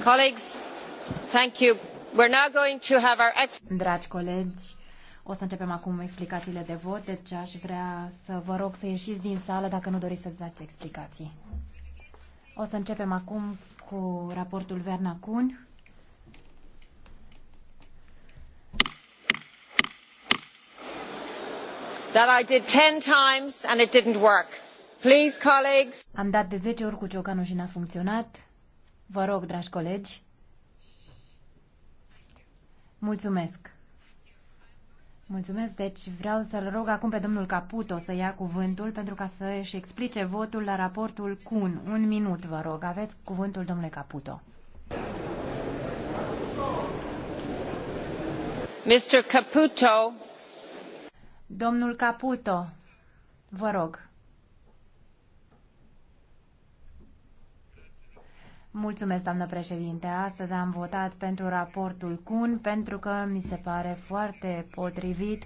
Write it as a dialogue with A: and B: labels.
A: Dragi colegi, o să începem acum explicațiile
B: de vot, deci aș vrea să vă rog să ieșiți din sală dacă nu doriți să dați explicații. O să începem acum cu raportul Verna Kuhn.
A: That I did ten times and it didn't work. Please, colleagues. Am dat de 10 ori cu ciocanul și n-a funcționat. Vă rog, dragi colegi.
B: Mulțumesc. Mulțumesc, deci vreau să-l rog acum pe domnul Caputo să ia cuvântul pentru ca să și explice votul la raportul CUN. Un minut, vă rog. Aveți cuvântul, domnule Caputo.
A: Mr. Caputo.
B: Domnul Caputo, vă rog. Mulțumesc, doamnă președinte. Astăzi am votat pentru raportul CUN pentru că mi se pare foarte potrivit